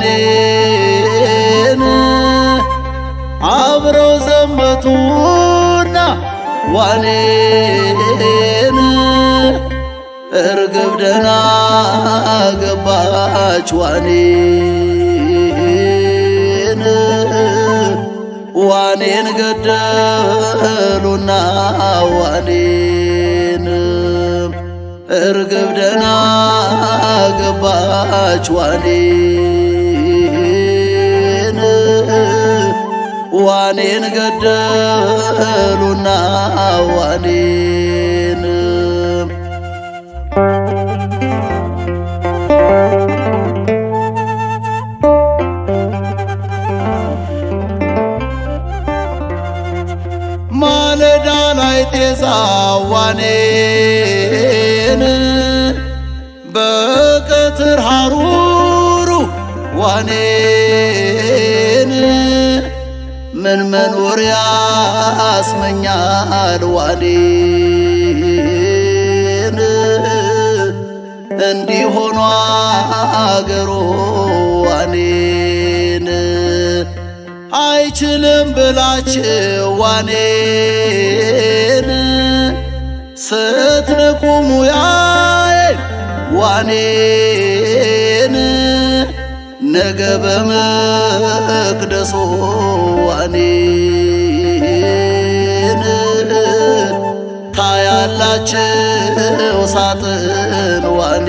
ኪዳኔን አብረው ዘመቱና ዋኔን እርግብ ደና ገባች ዋኔን ዋኔን ገደሉና ዋኔን እርግብ ደና ገባች ዋኔን ዋኔን ገደሉና ዋኔን ማለዳ ላይ ጤዛ ዋኔን በቀትር ሐሩሩ ዋኔ ምን መኖር ያስመኛል ዋዴን እንዲሆኗ አገሮ ዋኔን አይችልም ብላች ዋኔን ስትንቁ ሙያዬ ዋኔን ነገ በመቅደሱ እኔን ታያላችሁ ሳጥን ዋኔ